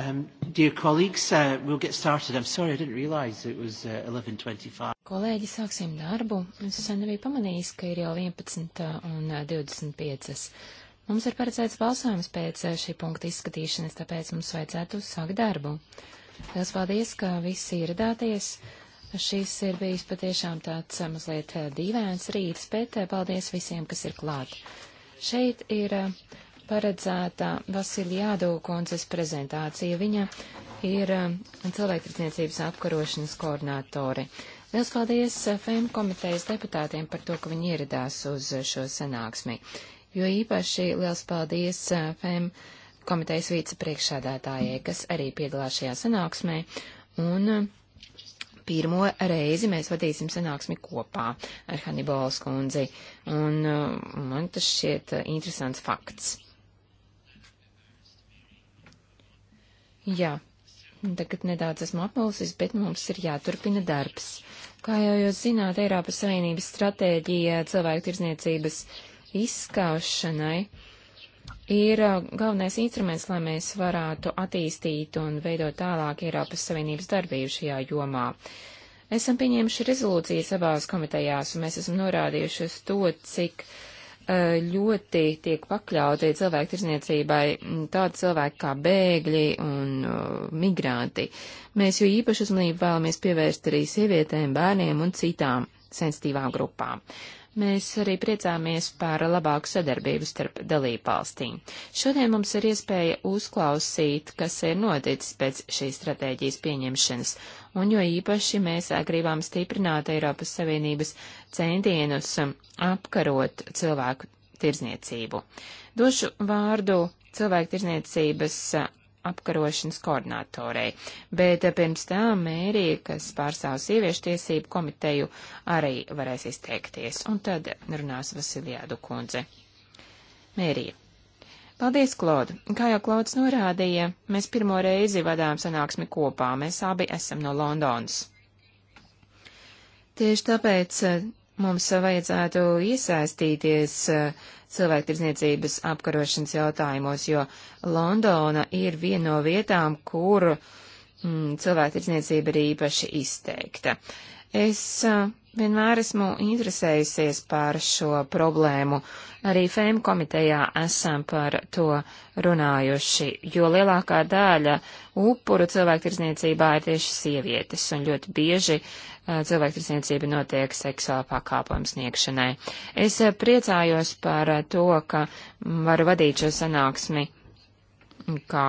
Um, dear colleagues, uh, we'll get started. I'm sorry, I didn't realize it was uh, 11.25. Kolēģi, sāksim darbu. Es sen nebiju pamanījis, ka ir jau 11 uh, un 25. Uh, mums ir paredzēts balsojums pēc uh, šī punkta izskatīšanas, tāpēc mums vajadzētu sākt darbu. Liels paldies, ka visi ieradāties. Šis ir bijis patiešām tāds mazliet dīvains rīts, bet paldies visiem, kas ir klāt. Šeit ir uh, paredzēta Vasiljādo konces prezentācija. Viņa ir um, cilvēktirdzniecības apkarošanas koordinātori. Liels paldies uh, FEM komitejas deputātiem par to, ka viņi ieradās uz uh, šo sanāksmi. Jo īpaši liels paldies uh, FEM komitejas vicepriekšādātājai, kas arī piedalās šajā sanāksmē. Un um, pirmo reizi mēs vadīsim sanāksmi kopā ar Hannibalas kundzi. Un man tas šķiet interesants fakts. Jā, tagad nedaudz esmu apmulsis, bet mums ir jāturpina darbs. Kā jau jūs zināt, Eiropas Savienības stratēģija cilvēku tirzniecības izskaušanai ir uh, galvenais instruments, lai mēs varētu attīstīt un veidot tālāk Eiropas Savienības darbību šajā jomā. Esam pieņēmuši rezolūciju savās komitejās, un mēs esam norādījuši uz to, cik uh, Eh, ļoti tiek pakļauti cilvēku tirzniecībai mm, tādi cilvēki kā bēgļi un eh, migranti. Mēs jo īpaši uzmanību vēlamies pievērst arī sievietēm, bērniem un citām sensitīvām grupām. Uh, Mēs arī priecāmies par labāku sadarbību starp dalību valstīm. Šodien mums ir iespēja uzklausīt, kas ir noticis pēc šīs stratēģijas pieņemšanas, un jo īpaši mēs gribam stiprināt Eiropas Savienības centienus apkarot cilvēku tirzniecību. Došu vārdu cilvēku tirzniecības apkarošanas koordinātorei, bet eh, pirms tam Mērī, kas pārstāv sieviešu tiesību komiteju, arī varēs izteikties, un tad runās Vasiljādu kundze. Mērī. Paldies, Klod! Kā jau Klods norādīja, mēs pirmo reizi vadām sanāksmi kopā, mēs abi esam no Londonas. Tieši tāpēc eh, Mums vajadzētu iesaistīties eh, cilvēktirdzniecības apkarošanas jautājumos, jo Londona ir viena no vietām, kur mm, cilvēktirdzniecība ir īpaši izteikta. Es eh, vienmēr esmu interesējusies par šo problēmu. Arī FEM komitejā esam par to runājuši, jo lielākā daļa upuru cilvēktirdzniecībā ir tieši sievietes, un ļoti bieži Eh, cilvēktirdzniecība notiek seksuāla pakāpojuma sniegšanai. Es eh, priecājos par eh, to, ka varu vadīt šo sanāksmi mm, kā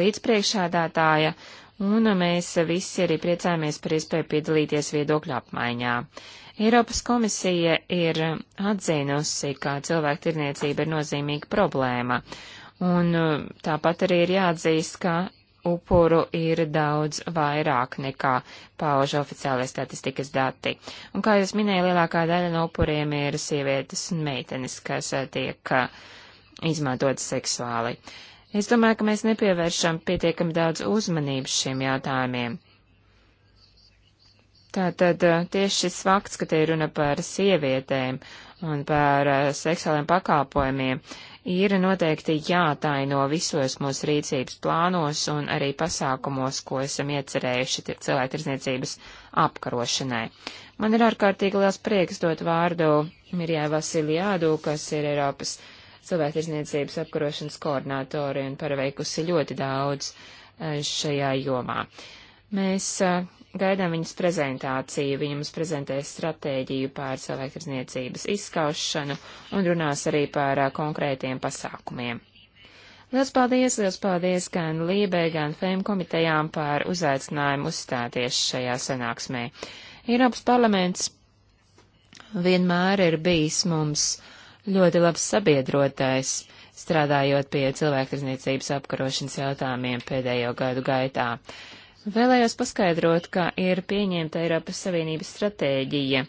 līdzpriekšādātāja, un mēs visi arī priecājamies par iespēju piedalīties viedokļu apmaiņā. Eiropas komisija ir atzīnusi, ka cilvēktirdzniecība ir nozīmīga problēma, un tāpat arī ir jāatzīst, ka upuru ir daudz vairāk nekā pauž oficiālajie statistikas dati. Un kā jūs minēja, lielākā daļa no upuriem ir sievietes un meitenes, kas eh, tiek eh, izmantotas seksuāli. Es domāju, ka mēs nepievēršam pietiekami daudz uzmanības šiem jautājumiem. Tātad eh, tieši šis fakts, ka te ir runa par sievietēm un par eh, seksuāliem pakāpojumiem ir noteikti jātaino visos mūsu rīcības plānos un arī pasākumos, ko esam iecerējuši cilvēktirdzniecības apkarošanai. Man ir ārkārtīgi liels prieks dot vārdu Mirjai Vasiljādu, kas ir Eiropas cilvēktirdzniecības apkarošanas koordinātori un paveikusi ļoti daudz eh, šajā jomā. Mēs eh, gaidām viņas prezentāciju. Viņa mums prezentēs stratēģiju pār cilvēktirdzniecības izskaušanu un runās arī par konkrētiem pasākumiem. Liels paldies, liels paldies gan Lībē, gan FEM komitejām par uzaicinājumu uzstāties šajā sanāksmē. Eiropas parlaments vienmēr ir bijis mums ļoti labs sabiedrotais, strādājot pie cilvēktirdzniecības apkarošanas jautājumiem pēdējo gadu gaitā. Vēlējos paskaidrot, ka ir pieņemta Eiropas Savienības stratēģija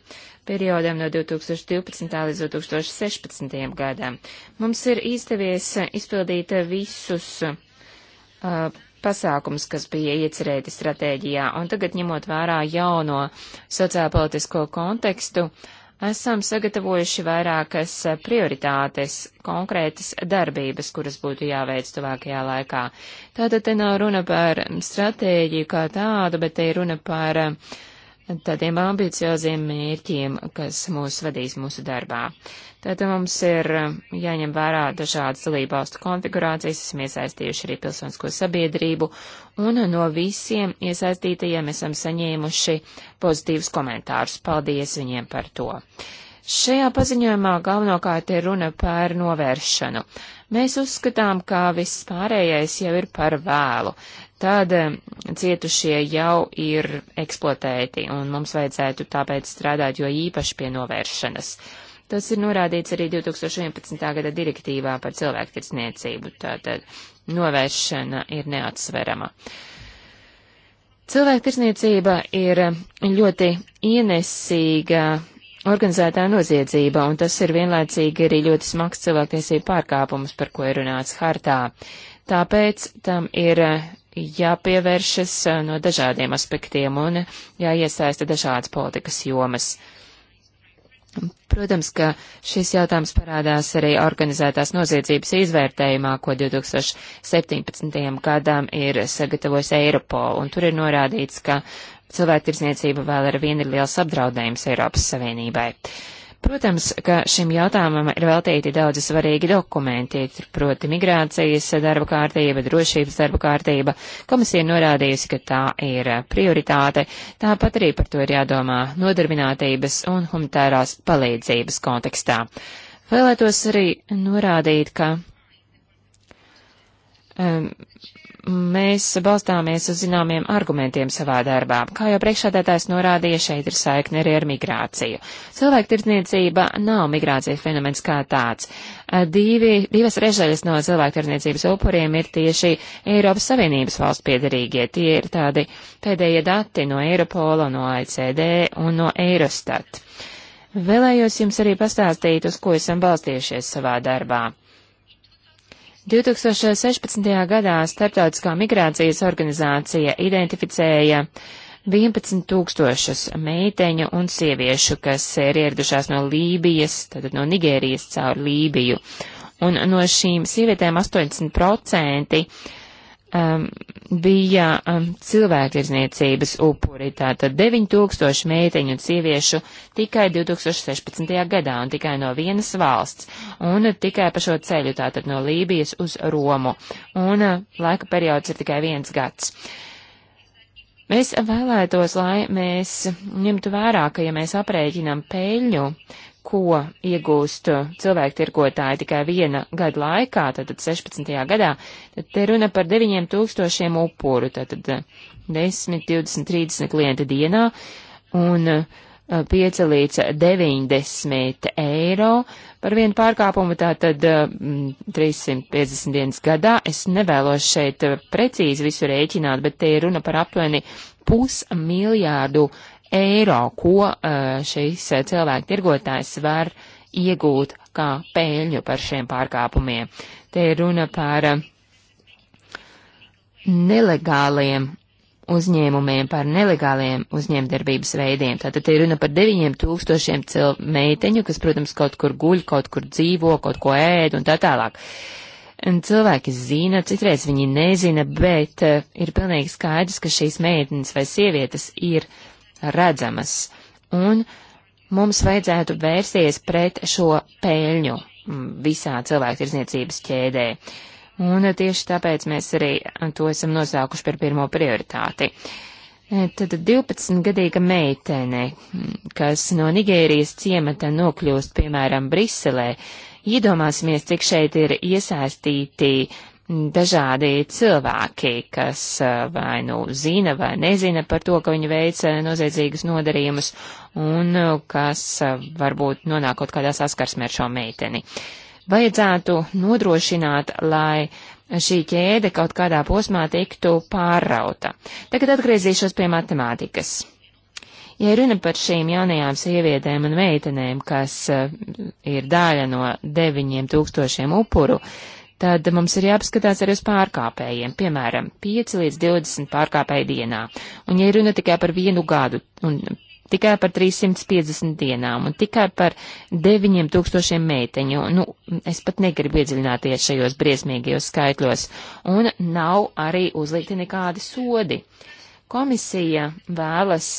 periodam no 2012. līdz 2016. gadam. Mums ir izdevies izpildīt visus uh, pasākums, kas bija iecerēti stratēģijā, un tagad ņemot vērā jauno sociālpolitisko kontekstu, uh, esam sagatavojuši vairākas eh, prioritātes, konkrētas darbības, kuras būtu jāveic tuvākajā laikā. Tātad te nav runa par stratēģiju kā tādu, bet te ir runa par eh, tādiem ambicioziem mērķiem, kas mūs vadīs mūsu darbā. Tātad mums ir eh, jāņem vērā dažādas dalībvalstu konfigurācijas, esam iesaistījuši arī pilsonisko sabiedrību, un no visiem iesaistītajiem esam saņēmuši pozitīvus komentārus. Paldies viņiem par to! Šajā paziņojumā galvenokārt ir runa par novēršanu. Mēs uzskatām, ka viss pārējais jau ir par vēlu. Tad eh, cietušie jau ir eksploatēti, un mums vajadzētu tāpēc strādāt jo īpaši pie novēršanas. Uh, Tas ir norādīts arī 2011. gada direktīvā par cilvēktirdzniecību, tātad novēršana ir neatsverama. Cilvēktirdzniecība ir ļoti ienesīga organizētā noziedzība, un tas ir vienlaicīgi arī ļoti smags cilvēktiesību pārkāpums, par ko ir runāts hartā. Tāpēc tam ir jāpievēršas no dažādiem aspektiem un jāiesaista dažādas politikas jomas. Protams, ka šis jautājums parādās arī organizētās noziedzības izvērtējumā, ko 2017. gadam ir sagatavojis Eiropol, un tur ir norādīts, ka cilvēktirsniecība vēl ar vienu ir liels apdraudējums Eiropas Savienībai. Uh, Protams, ka šim jautājumam ir veltīti daudzi svarīgi dokumenti, proti migrācijas darba kārtība, drošības darba kārtība. Komisija norādījusi, ka tā ir prioritāte, tāpat arī par to ir jādomā nodarbinātības un humanitārās palīdzības kontekstā. Vēlētos arī norādīt, ka um, mēs balstāmies uz zināmiem argumentiem savā darbā. Kā jau priekšādātājs norādīja, šeit ir saikne arī ar migrāciju. Cilvēku tirdzniecība nav migrācijas fenomens kā tāds. Divi, divas trešdaļas no cilvēku tirdzniecības upuriem ir tieši Eiropas Savienības valsts piedarīgie. Tie ir tādi pēdējie dati no Eiropola, no ACD un no Eirostat. Vēlējos jums arī pastāstīt, uz ko esam balstījušies savā darbā. 2016. gadā Starptautiskā migrācijas organizācija identificēja 11 tūkstošus meiteņu un sieviešu, kas ir ieradušās no Lībijas, tātad no Nigērijas caur Lībiju. Un no šīm sievietēm 80% um, bija um, cilvēktirdzniecības upuri, tātad 9000 meiteņu un sieviešu tikai 2016. gadā un tikai no vienas valsts un tikai pa šo ceļu, tātad no Lībijas uz Romu. Un uh, laika periods ir tikai viens gads. Mēs vēlētos, lai mēs ņemtu vērā, ka ja mēs aprēķinam peļņu, ko iegūst uh, cilvēktirgotāji tikai viena gada laikā, tātad 16. gadā, tad te runa par 9000 upuru, tātad 10, 20, 30 klienta dienā un 5 uh, līdz 90 eiro par vienu pārkāpumu, tātad 350 uh, dienas gadā. Es nevēlos šeit precīzi visu rēķināt, bet te ir runa par aptuveni pusmiljārdu eiro, ko eh, šīs eh, cilvēku tirgotājs var iegūt kā pēļņu par šiem pārkāpumiem. Te ir runa par eh, nelegāliem uzņēmumiem, par nelegāliem uzņēmdarbības veidiem. Tātad ir runa par 9000 cil... meiteņu, kas, protams, kaut kur guļ, kaut kur dzīvo, kaut ko ēd un tā tālāk. Un cilvēki zina, citreiz viņi nezina, bet uh, ir pilnīgi skaidrs, ka šīs meitenes vai sievietes ir redzamas, un mums vajadzētu vērsties pret šo peļņu mm, visā cilvēktirdzniecības ķēdē. Un tieši tāpēc mēs arī to esam nosaukuši par pirmo prioritāti. E, tad 12-gadīga meitene, mm, kas no Nigērijas ciemata nokļūst, piemēram, Briselē, iedomāsimies, cik šeit ir iesaistīti uh, dažādi cilvēki, kas vai nu zina vai nezina par to, ka viņi veica noziedzīgas nodarījumus un kas varbūt nonākot kādā saskarsmē ar šo meiteni. Vajadzētu nodrošināt, lai šī ķēde kaut kādā posmā tiktu pārrauta. Tagad atgriezīšos pie matemātikas. Ja runa par šīm jaunajām sievietēm un meitenēm, kas ir daļa no 9000 upuru, tad mums ir jāpaskatās arī uz pārkāpējiem, piemēram, 5 līdz 20 pārkāpēju dienā. Un ja runa tikai par vienu gadu un tikai par 350 dienām un tikai par 9000 meiteņu, nu, es pat negribu iedziļināties šajos briesmīgajos skaitļos, un nav arī uzlikti nekādi sodi. Komisija vēlas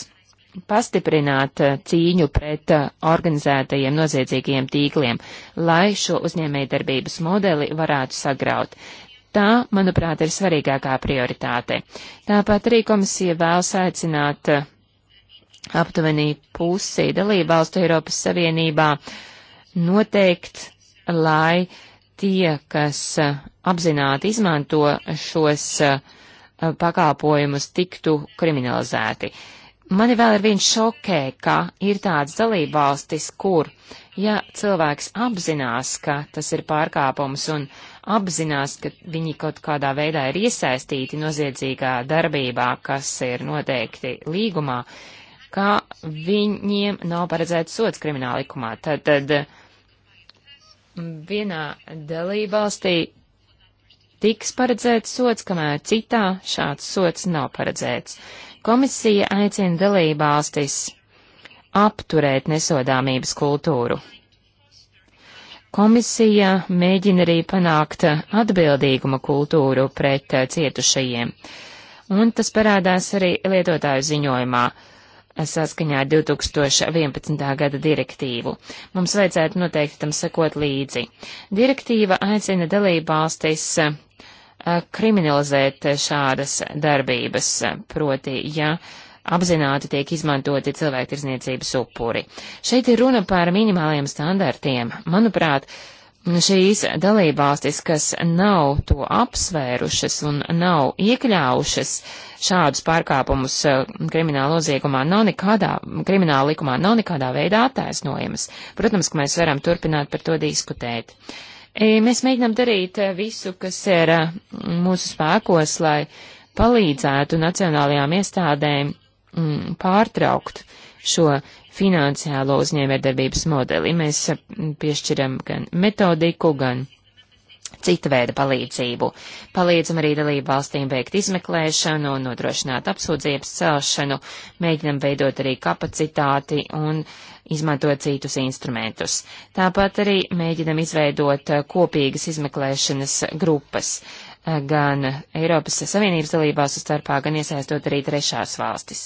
pastiprināt eh, cīņu pret eh, organizētajiem noziedzīgajiem tīkliem, lai šo uzņēmējdarbības modeli varētu sagraut. Tā, manuprāt, ir svarīgākā prioritāte. Tāpat arī komisija vēlas aicināt eh, aptuveni pusi dalību valstu Eiropas Savienībā noteikt, lai tie, kas apzināti izmanto šos pakalpojumus, tiktu kriminalizēti. Uh, Mani vēl ar vienu šokē, ka ir tāds dalībvalstis, kur, ja cilvēks apzinās, ka tas ir pārkāpums un apzinās, ka viņi kaut kādā veidā ir iesaistīti noziedzīgā darbībā, kas ir noteikti līgumā, ka viņiem nav paredzēts sots krimināla likumā. Tad, tad vienā dalībvalstī tiks paredzēts sots, kamēr citā šāds sots nav paredzēts. Komisija aicina dalībvalstis apturēt nesodāmības kultūru. Komisija mēģina arī panākt atbildīguma kultūru pret cietušajiem, un tas parādās arī lietotāju ziņojumā saskaņā ar 2011. gada direktīvu. Mums vajadzētu noteikti tam sekot līdzi. Direktīva aicina dalību valstis kriminalizēt šādas darbības, proti, ja apzināti tiek izmantoti cilvēktirzniecības upuri. Šeit ir runa par minimāliem standartiem. Manuprāt, šīs dalībvalstis, kas nav to apsvērušas un nav iekļaušas šādus pārkāpumus eh, krimināla noziegumā, nav nekādā, krimināla likumā nav nekādā veidā attaisnojamas. Protams, ka mēs varam turpināt par to diskutēt. Uh, E, mēs mēģinām darīt e, visu, kas ir e, mūsu spēkos, lai palīdzētu nacionālajām iestādēm mm, pārtraukt šo finansiālo uzņēmējdarbības modeli. Mēs piešķiram gan metodiku, gan cita veida palīdzību. Palīdzam arī dalību valstīm veikt izmeklēšanu un nodrošināt apsūdzības celšanu, mēģinam veidot arī kapacitāti un izmantot citus instrumentus. Tāpat arī mēģinam izveidot eh, kopīgas izmeklēšanas grupas. Uh, gan Eiropas Savienības dalībvalstu starpā, gan iesaistot arī trešās valstis.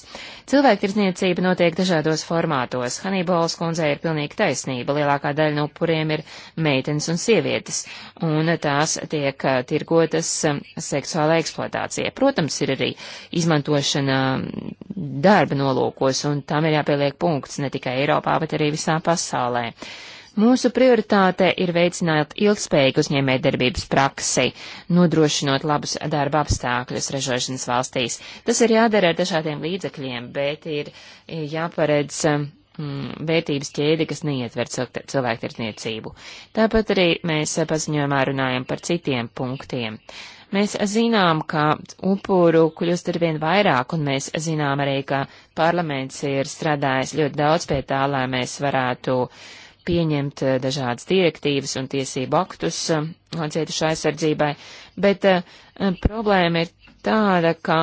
Cilvēktirdzniecība notiek dažādos formātos. Hanibols kundze ir pilnīga taisnība. Lielākā daļa no upuriem ir meitenes un sievietes, un tās tiek uh, tirgotas um, seksuālā eksploatācija. Protams, ir arī izmantošana um, darba nolūkos, un tam ir jāpieliek punkts ne tikai Eiropā, bet arī visā pasaulē. Mūsu prioritāte ir veicināt ilgspējīgu uzņēmējdarbības praksi, nodrošinot labus darba apstākļus ražošanas valstīs. Tas ir jādara ar dažādiem līdzekļiem, bet ir jāparedz mm, vērtības ķēdi, kas neietver cilvēktirdzniecību. Tāpat arī mēs paziņojumā runājam par citiem punktiem. Mēs zinām, ka upuru kļūst ar vien vairāk, un mēs zinām arī, ka parlaments ir strādājis ļoti daudz pie tā, lai mēs varētu uh, pieņemt eh, dažādas direktīvas un tiesību aktus eh, cietušu aizsardzībai, bet eh, problēma ir tāda, ka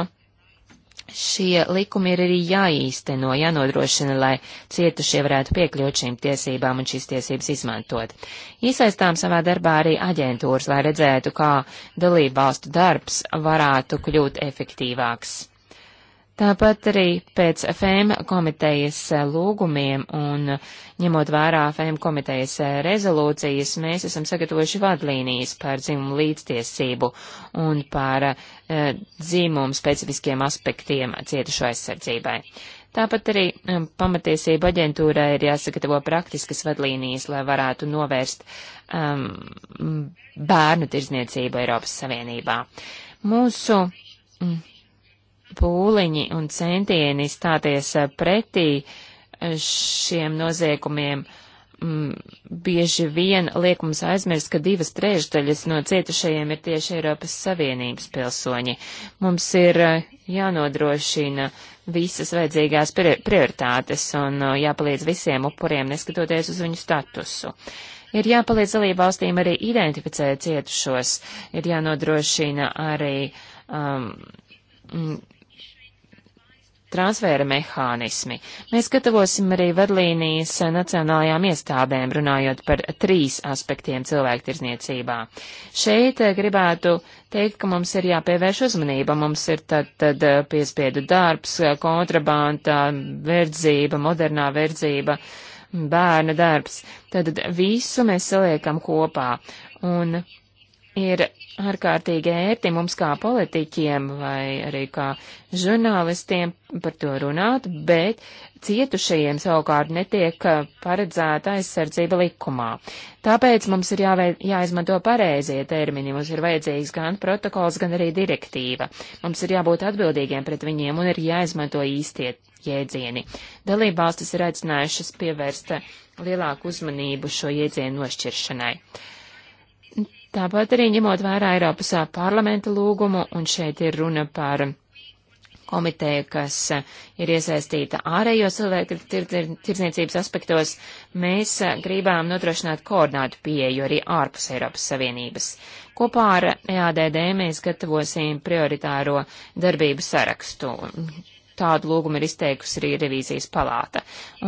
šie likumi ir arī jāīsteno, jānodrošina, lai cietušie varētu piekļūt šīm tiesībām un šīs tiesības izmantot. Iesaistām savā darbā arī aģentūras, lai redzētu, kā dalībvalstu darbs varētu kļūt efektīvāks. Tāpat arī pēc FEM komitejas eh, lūgumiem un eh, ņemot vērā FEM komitejas eh, rezolūcijas, mēs esam sagatavojuši vadlīnijas par dzimumu līdztiesību un par uh, dzimumu specifiskiem aspektiem cietušo aizsardzībai. Tāpat arī um, pamatiesība aģentūrai ir jāsagatavo praktiskas vadlīnijas, lai varētu novērst um, bērnu tirzniecību Eiropas Savienībā. Mūsu mm, pūliņi un centieni stāties eh, pretī eh, šiem noziegumiem mm, bieži vien liek mums aizmirst, ka divas trešdaļas no cietušajiem ir tieši Eiropas Savienības pilsoņi. Mums ir eh, jānodrošina visas vajadzīgās prioritātes un jāpalīdz visiem upuriem, neskatoties uz viņu statusu. Ir jāpalīdz dalībvalstīm arī identificēt cietušos, ir jānodrošina arī um, transfēra mehānismi. Mēs gatavosim arī vadlīnijas nacionālajām iestādēm, runājot par trīs aspektiem cilvēktirzniecībā. Šeit eh, gribētu teikt, ka mums ir jāpievērš uzmanība. Mums ir tad, tad eh, piespiedu darbs, kontrabanta, verdzība, modernā verdzība, bērna darbs. Tad visu mēs saliekam kopā. Un ir ārkārtīgi ērti mums kā politiķiem vai arī kā žurnālistiem par to runāt, bet cietušajiem savukārt netiek uh, paredzēta aizsardzība likumā. Tāpēc mums ir jāveid, jāizmanto pareizie termini, mums ir vajadzīgs gan protokols, gan arī direktīva. Mums ir jābūt atbildīgiem pret viņiem un ir jāizmanto īstie jēdzieni. Dalībvalstis ir aicinājušas pievērst lielāku uzmanību šo jēdzienu nošķiršanai. Uh, Tāpat arī ņemot vērā Eiropas parlamenta lūgumu, un šeit ir runa par komiteju, kas ir iesaistīta ārējos cilvēku tirdzniecības aspektos, mēs gribām nodrošināt koordinātu pieeju arī ārpus Eiropas Savienības. Kopā ar EADD mēs gatavosim prioritāro darbību sarakstu, Tādu lūgumu ir izteikusi arī revīzijas palāta.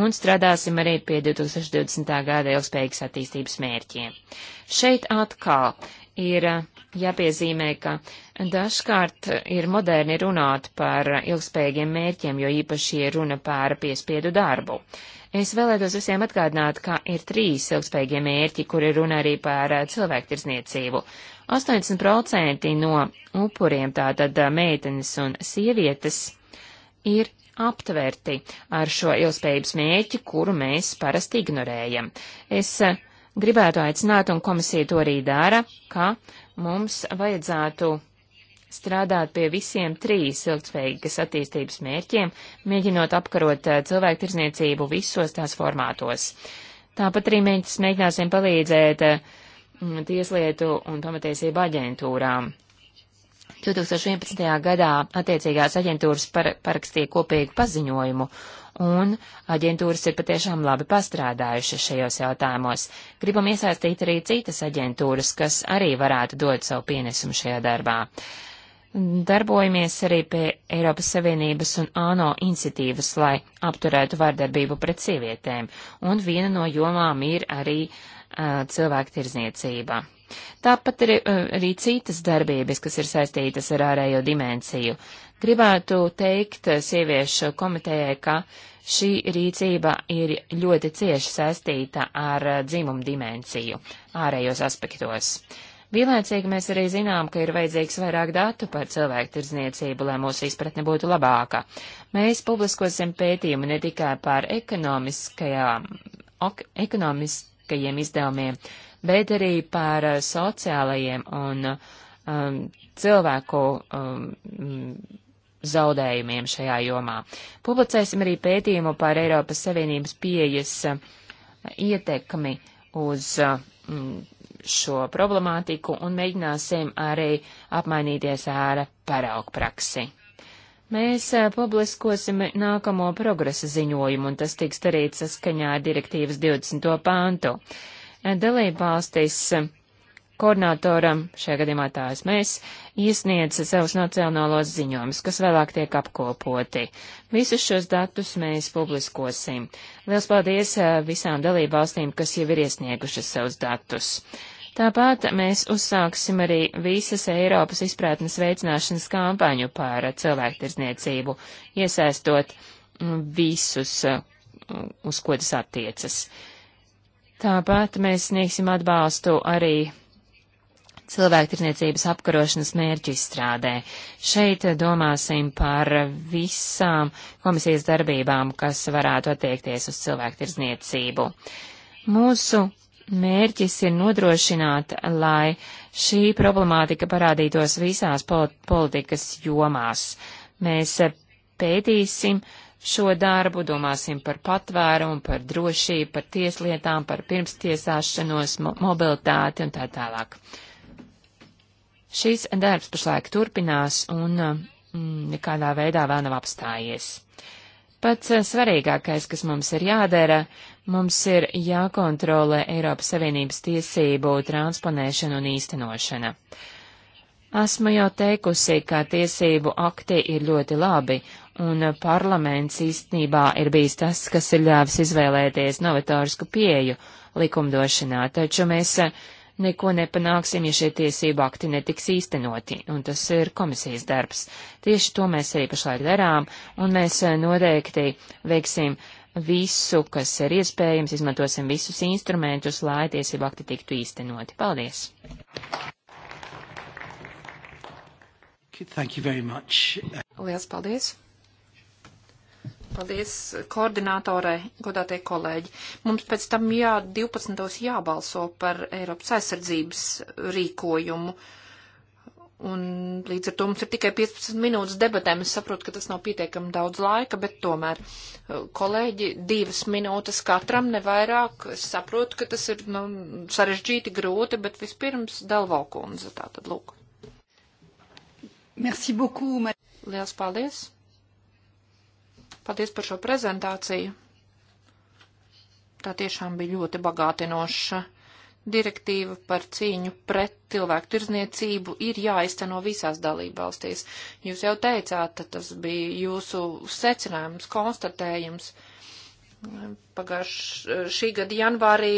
Un strādāsim arī pie 2020. gada ilgspējīgas attīstības mērķiem. Šeit atkal ir eh, jāpiezīmē, ka dažkārt ir moderni runāt par ilgspējīgiem mērķiem, jo īpaši ir runa par piespiedu darbu. Es vēlētos visiem atgādināt, ka ir trīs ilgspējīgie mērķi, kuri runā arī par eh, cilvēktirzniecību. 80% no upuriem, tātad eh, meitenes un sievietes, ir aptvērti ar šo ilgspējības mēķi, kuru mēs parasti ignorējam. Es eh, gribētu aicināt, un komisija to arī dara, ka mums vajadzētu strādāt pie visiem trīs ilgspējīgas attīstības mērķiem, mēģinot apkarot eh, cilvēku tirzniecību visos tās formātos. Tāpat arī mēs mēģināsim palīdzēt eh, tieslietu un pamatiesību aģentūrām 2011. gadā attiecīgās aģentūras par, parakstīja kopīgu paziņojumu, un aģentūras ir patiešām labi pastrādājušas šajos jautājumos. Gribam iesaistīt arī citas aģentūras, kas arī varētu dot savu pienesumu šajā darbā. Darbojamies arī pie Eiropas Savienības un ANO iniciatīvas, lai apturētu vardarbību pret sievietēm, un viena no jomām ir arī uh, cilvēktirzniecība. Tāpat ir eh, arī citas darbības, kas ir saistītas ar ārējo dimensiju. Gribētu teikt eh, sieviešu komitejai, ka šī rīcība ir ļoti cieši saistīta ar eh, dzimumu dimensiju ārējos aspektos. Vienlaicīgi mēs arī zinām, ka ir vajadzīgs vairāk datu par cilvēku tirdzniecību, lai mūsu izpratne būtu labāka. Mēs publiskosim pētījumu ne tikai par ekonomiskajām, ok, ekonomiskajiem izdevumiem, bet arī par eh, sociālajiem un um, cilvēku um, mm, zaudējumiem šajā jomā. Publicēsim arī pētījumu par Eiropas Savienības pieejas uh, ietekmi uz eh, mm, šo problemātiku un mēģināsim arī apmainīties ar paraugu praksi. Mēs uh, publiskosim nākamo progresa ziņojumu, un tas tiks darīts saskaņā ar direktīvas 20. pāntu dalībvalstis eh, koordinatoram, šajā gadījumā tā esmu es, iesniedz savus nacionālos ziņojumus, kas vēlāk tiek apkopoti. Visus šos datus mēs publiskosim. Liels paldies eh, visām dalībvalstīm, kas jau ir iesniegušas savus datus. Tāpat mēs uzsāksim arī visas Eiropas izpratnes veicināšanas kampaņu par cilvēktirzniecību, iesaistot mm, visus, eh, uz ko tas attiecas. Tāpat mēs sniegsim atbalstu arī cilvēktirniecības apkarošanas mērķu izstrādē. Šeit domāsim par visām komisijas darbībām, kas varētu attiekties uz cilvēktirdzniecību. Mūsu mērķis ir nodrošināt, lai šī problemātika parādītos visās politikas jomās. Mēs pētīsim, uh, šo darbu, domāsim par patvērumu, par drošību, par tieslietām, par pirmstiesāšanos, mo mobilitāti un tā tālāk. Šīs darbs pašlaik turpinās un mm, nekādā veidā vēl nav apstājies. Pats eh, svarīgākais, kas mums ir jādara, mums ir jākontrolē Eiropas Savienības tiesību transponēšana un īstenošana. Uh, Esmu jau teikusi, ka tiesību akti ir ļoti labi, un parlaments īstenībā ir bijis tas, kas ir ļāvis izvēlēties novatorisku pieju likumdošanā, taču mēs eh, neko nepanāksim, ja šie tiesību akti netiks īstenoti, un tas ir komisijas darbs. Tieši to mēs arī pašlaik darām, un mēs eh, noteikti veiksim visu, kas ir iespējams, izmantosim visus instrumentus, lai tiesību akti tiktu īstenoti. Paldies! Thank you very much. Lielas paldies! Paldies koordinātorai, godātie kolēģi. Mums pēc tam jā, 12. jābalso par Eiropas aizsardzības rīkojumu. Un līdz ar to mums ir tikai 15 minūtes debatēm. Es saprotu, ka tas nav pietiekami daudz laika, bet tomēr, uh, kolēģi, divas minūtes katram nevairāk. Es saprotu, ka tas ir nu, sarežģīti, grūti, bet vispirms Dalvalkundze tātad lūk. Merci beaucoup. Ma... Liels paldies. Paldies par šo prezentāciju. Tā tiešām bija ļoti bagātinoša direktīva par cīņu pret cilvēku tirzniecību ir jāizteno visās dalībvalstīs. Jūs jau teicāt, tas bija jūsu secinājums, konstatējums. Uh, Pagājuši eh, šī gada janvārī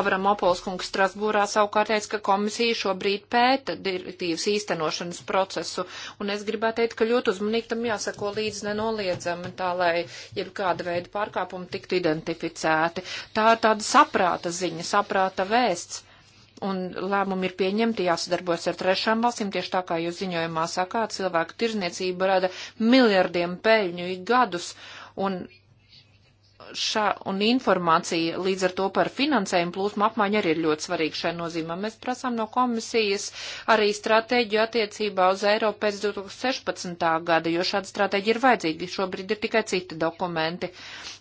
Avram Opols kungs Strasbūrā savukārt teica, ka komisija šobrīd pēta direktīvas īstenošanas procesu, un es gribētu teikt, ka ļoti uzmanīgi tam jāsako līdz nenoliedzami, tā lai jebkāda veida pārkāpumi tiktu identificēti. Tā ir tāda saprāta ziņa, saprāta vēsts un lēmumi ir pieņemti, jāsadarbojas ar trešām valstīm, tieši tā kā jūs ziņojumā sakāt, cilvēku tirzniecība rada miljardiem peļņu ik gadus, un šā un informācija līdz ar to par finansējumu plūsmu apmaiņa arī ir ļoti svarīga šai nozīmē. Mēs prasām no komisijas arī stratēģiju attiecībā uz Eiropu pēc 2016. gada, jo šāda stratēģija ir vajadzīga. Šobrīd ir tikai citi dokumenti.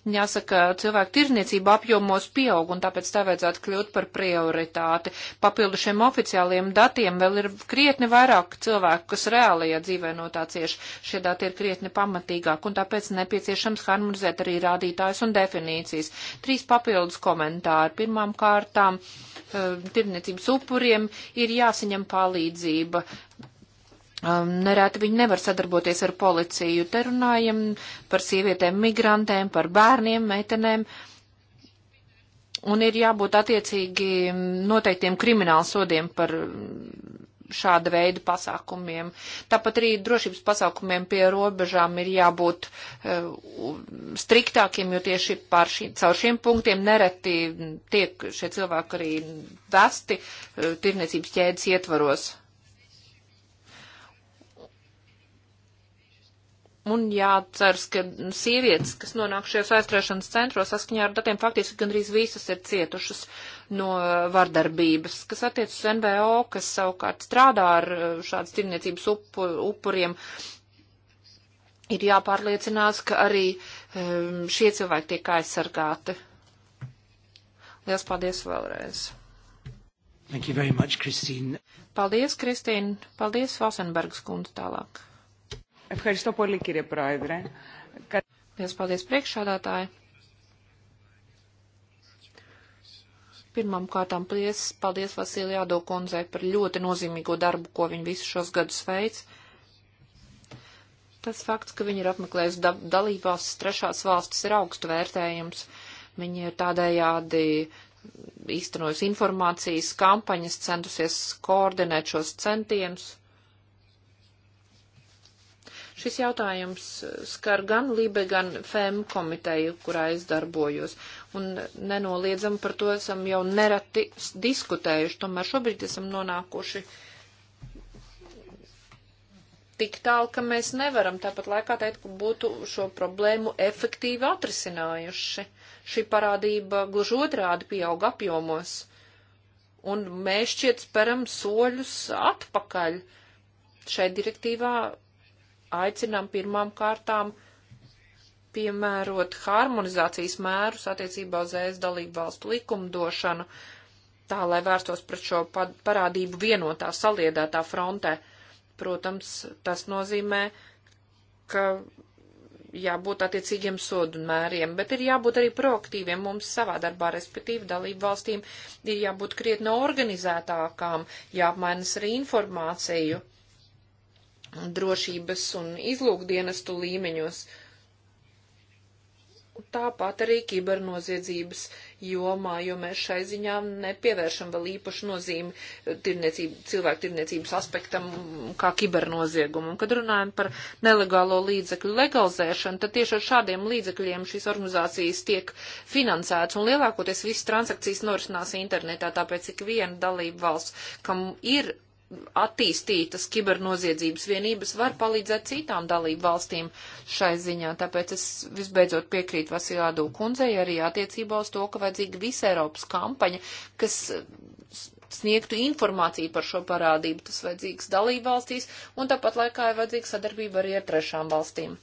Jāsaka, cilvēku tirzniecība apjomos pieaug un tāpēc tā vajadzētu kļūt par prioritāti. Papildu šiem oficiāliem datiem vēl ir krietni vairāk cilvēku, kas reālajā dzīvē no tā cieši. Šie dati ir krietni pamatīgāk un tāpēc nepieciešams harmonizēt arī rādītājus un definīcijas. Trīs papildus komentāri. Pirmām kārtām, eh, tirniecības upuriem ir jāsaņem palīdzība. Um, nereti viņi nevar sadarboties ar policiju. Te runājam par sievietēm, migrantēm, par bērniem, meitenēm. Un ir jābūt attiecīgi mm, noteiktiem krimināla sodiem par šāda veida pasākumiem. Tāpat arī drošības pasākumiem pie robežām ir jābūt uh, striktākiem, jo tieši pār šī, caur šiem punktiem nereti tiek šie cilvēki arī vesti uh, tirniecības ķēdes ietvaros. Un jāceras, ka sievietes, kas nonāk šajos aizturēšanas centros, saskaņā ar datiem faktiski gandrīz visas ir cietušas. Uh, no vardarbības, kas attiecas uz NVO, kas savukārt strādā ar eh, šādas tirniecības upu, upuriem. Ir jāpārliecinās, ka arī ehm, šie cilvēki tiek aizsargāti. Lielas paldies vēlreiz! Thank you very much, Christine. Paldies, Kristīne. Paldies, Valsenbergs kundze tālāk. Ευχαριστώ πολύ, κύριε Πρόεδρε. Liels paldies priekšādātāji. Pirmām kārtām plies, paldies Vasilijā Dokundzei par ļoti nozīmīgo darbu, ko viņa visu šos gadus veids. Tas fakts, ka viņa ir apmeklējusi da dalībās trešās valstis, ir augstu vērtējums. Viņa ir tādējādi īstenojusi informācijas kampaņas, centusies koordinēt šos centienus. Šis jautājums skar gan Lībe, gan FEM komiteju, kurā es darbojos un nenoliedzami par to esam jau nereti diskutējuši. Tomēr šobrīd esam nonākuši tik tālu, ka mēs nevaram tāpat laikā teikt, ka būtu šo problēmu efektīvi atrisinājuši. Šī parādība gluži otrādi pieauga apjomos, un mēs šķiet speram soļus atpakaļ. Šai direktīvā aicinām pirmām kārtām piemērot harmonizācijas mērus attiecībā uz ES dalību valstu likumdošanu, tā lai vērstos pret šo parādību vienotā, saliedētā frontē. Protams, tas nozīmē, ka jābūt attiecīgiem sodu mēriem, bet ir jābūt arī proaktīviem mums savā darbā, respektīvi dalību valstīm ir jābūt krietni organizētākām, jāapmainas arī informāciju drošības un izlūkdienestu līmeņos. Uh, Tāpat arī kibernoziedzības jomā, jo mēs šai ziņā nepievēršam vēl īpašu nozīmi tirniecību, cilvēku tirniecības aspektam kā kibernoziegumam. Kad runājam par nelegālo līdzekļu legalizēšanu, tad tieši ar šādiem līdzekļiem šīs organizācijas tiek finansētas un lielākoties visas transakcijas norisinās internetā, tāpēc ik viena dalība valsts, kam ir attīstītas kibernoziedzības vienības var palīdzēt citām dalību valstīm šai ziņā. Tāpēc es visbeidzot piekrītu Vasilādu kundzei arī attiecībā uz to, ka vajadzīga visa Eiropas kampaņa, kas sniegtu informāciju par šo parādību. Tas vajadzīgs dalību valstīs un tāpat laikā ir vajadzīga sadarbība arī ar trešām valstīm.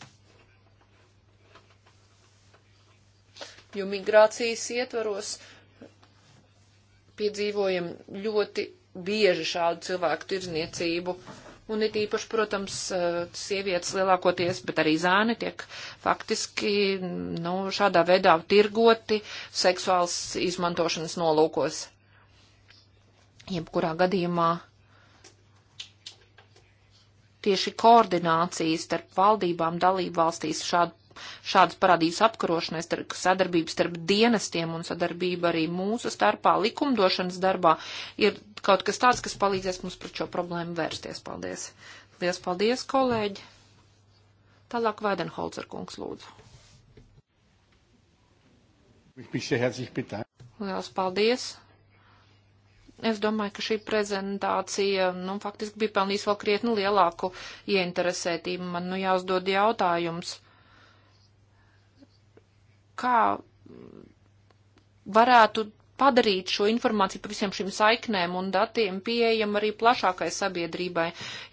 Jo migrācijas ietvaros piedzīvojam ļoti bieži šādu cilvēku tirzniecību. Un it īpaši, protams, eh, sievietes lielākoties, bet arī zēni tiek faktiski nu, šādā veidā tirgoti seksuāls izmantošanas nolūkos. Jebkurā gadījumā tieši koordinācijas starp valdībām dalību valstīs šādu šādas parādības apkarošanai, starp sadarbību starp dienestiem un sadarbību arī mūsu starpā likumdošanas darbā ir kaut kas tāds, kas palīdzēs mums pret šo problēmu vērsties. Paldies! Lielas paldies, kolēģi! Tālāk Vaidenholzer kungs lūdzu. Lielas paldies! Es domāju, ka šī prezentācija, nu, faktiski bija pelnījis vēl krietni lielāku ieinteresētību. Man, nu, jāuzdod jautājums kā varētu padarīt šo informāciju par visiem šīm saiknēm un datiem pieejam arī plašākai sabiedrībai,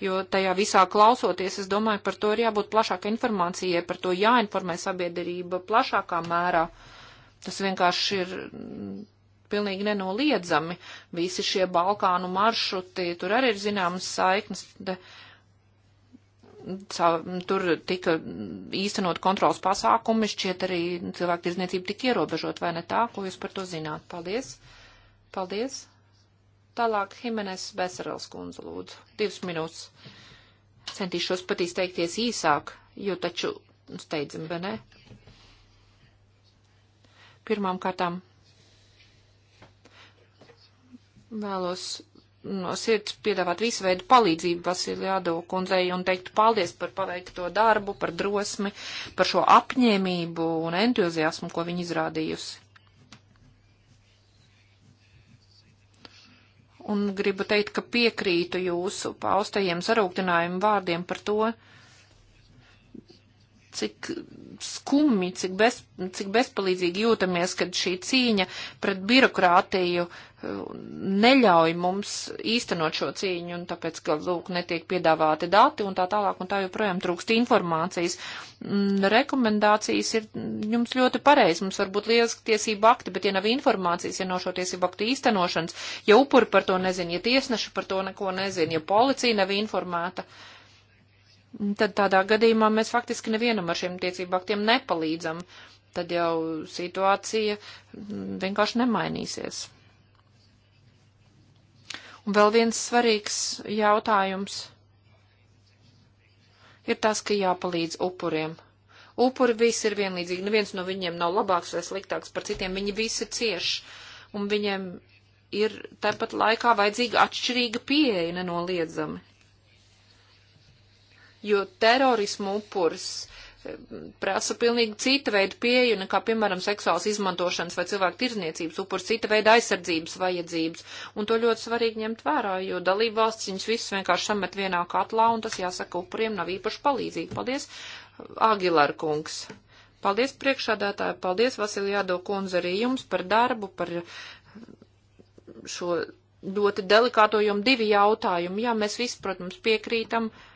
jo tajā visā klausoties, es domāju, par to ir jābūt plašākai informācijai, par to jāinformē sabiedrība plašākā mērā. Tas vienkārši ir mm, pilnīgi nenoliedzami. Visi šie Balkānu maršruti, tur arī ir zināmas saiknes. De, uh, tur tika īstenot kontrols pasākumi, šķiet arī cilvēku tirzniecība tika ierobežot, vai ne tā, ko jūs par to zināt? Paldies! Paldies! Tālāk Himenes Besarels kundze lūdzu. Divas minūtes. Centīšos pat izteikties īsāk, jo taču steidzam, vai ne? Pirmām kārtām vēlos no sirds piedāvāt visu veidu palīdzību Vasiljādo kundzei un teikt paldies par paveikto darbu, par drosmi, par šo apņēmību un entuziasmu, ko viņa izrādījusi. Un gribu teikt, ka piekrītu jūsu paustajiem sarūktinājumu vārdiem par to, uh, cik skumji, cik, bez, cik bezpalīdzīgi jūtamies, kad šī cīņa pret birokrātiju uh, neļauj mums īstenot šo cīņu, un tāpēc, ka, lūk, netiek piedāvāti dati un tā tālāk, un tā joprojām trūkst informācijas. Mm, rekomendācijas ir mm, jums ļoti pareizi, mums var būt lieliski tiesību akti, bet ja nav informācijas, ja nav šo tiesību aktu īstenošanas, ja upuri par to nezin, ja tiesneši par to neko nezin, ja policija nav informēta, uh, tad tādā gadījumā mēs faktiski nevienam ar šiem tiesību aktiem nepalīdzam. Tad jau situācija mm, vienkārši nemainīsies. Un vēl viens svarīgs jautājums ir tas, ka jāpalīdz upuriem. Upuri visi ir vienlīdzīgi, neviens no viņiem nav labāks vai sliktāks par citiem, viņi visi cieš, un viņiem ir tāpat laikā vajadzīga atšķirīga pieeja nenoliedzami jo terorismu upurs eh, prasa pilnīgi cita veida pieeju nekā, piemēram, seksuāls izmantošanas vai cilvēku tirzniecības upurs, cita veida aizsardzības vajadzības. Un to ļoti svarīgi ņemt vērā, jo dalība valsts viņus visus vienkārši samet vienā katlā, un tas, jāsaka, upuriem nav īpaši palīdzīgi. Paldies, Agilar kungs! Paldies priekšādātāji, paldies Vasiljādo kundze arī jums par darbu, par šo ļoti delikāto jom divi jautājumu. Jā, mēs visi, protams, piekrītam. Uh,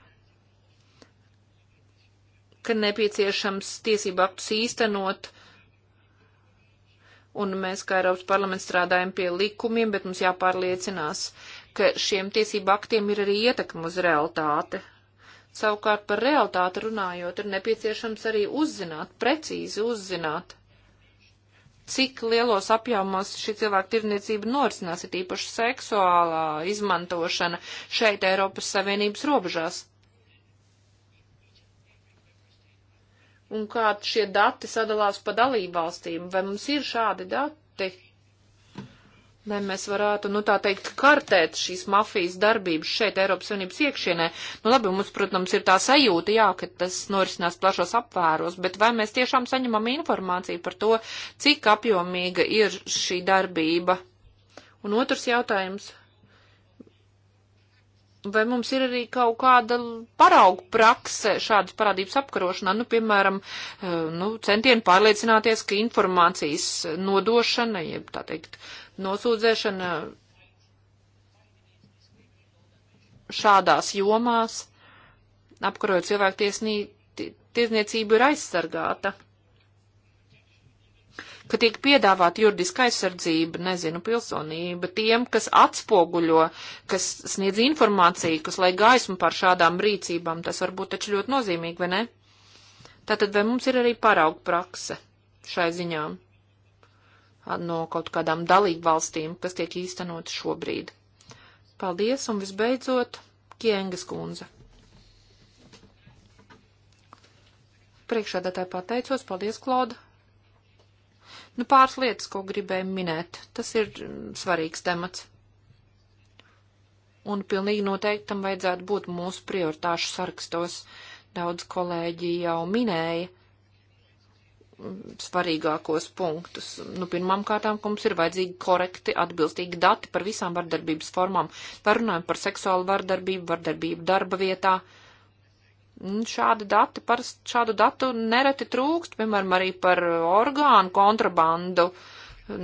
ka nepieciešams tiesību aktus īstenot. Un mēs, kā Eiropas parlaments, strādājam pie likumiem, bet mums jāpārliecinās, ka šiem tiesību aktiem ir arī ietekme uz realitāti. Savukārt par realitāti runājot, ir nepieciešams arī uzzināt, precīzi uzzināt, cik lielos apjomos šī cilvēka tirniecība norisinās, ir īpaši seksuālā izmantošana šeit Eiropas Savienības robežās. un kā šie dati sadalās pa dalībvalstīm. Vai mums ir šādi dati? Lai mēs varētu, nu tā teikt, kartēt šīs mafijas darbības šeit Eiropas Savienības iekšienē. Nu labi, mums, protams, ir tā sajūta, jā, ka tas norisinās plašos apvēros, bet vai mēs tiešām saņemam informāciju par to, cik apjomīga ir šī darbība? Un otrs jautājums. Vai mums ir arī kaut kāda parauga prakse šādas parādības apkarošanā, nu, piemēram, eh, nu, centieni pārliecināties, ka informācijas nodošana, jeb tā teikt, nosūdzēšana šādās jomās, apkarojot cilvēku tiesnī, tiesniecību, ir aizsargāta? ka tiek piedāvāta juridiska aizsardzība, nezinu, pilsonība tiem, kas atspoguļo, kas sniedz informāciju, kas lai gaismu par šādām rīcībām, tas varbūt taču ļoti nozīmīgi, vai ne? Tātad vai mums ir arī parauga prakse šai ziņā no kaut kādām dalību valstīm, kas tiek īstenot šobrīd? Paldies, un visbeidzot, Kiengas kundze. Priekšādātāji pateicos, paldies, Klauda. Nu, pāris lietas, ko gribēju minēt. Tas ir mm, svarīgs temats. Un pilnīgi noteikti tam vajadzētu būt mūsu prioritāšu sarakstos. Daudz kolēģi jau minēja mm, svarīgākos punktus. Nu, pirmām kārtām, ka mums ir vajadzīgi korekti, atbilstīgi dati par visām vardarbības formām. Par runājumu par seksuālu vardarbību, vardarbību darba vietā. Uh, Nu, šādi dati, par, šādu datu nereti trūkst, piemēram, arī par orgānu kontrabandu.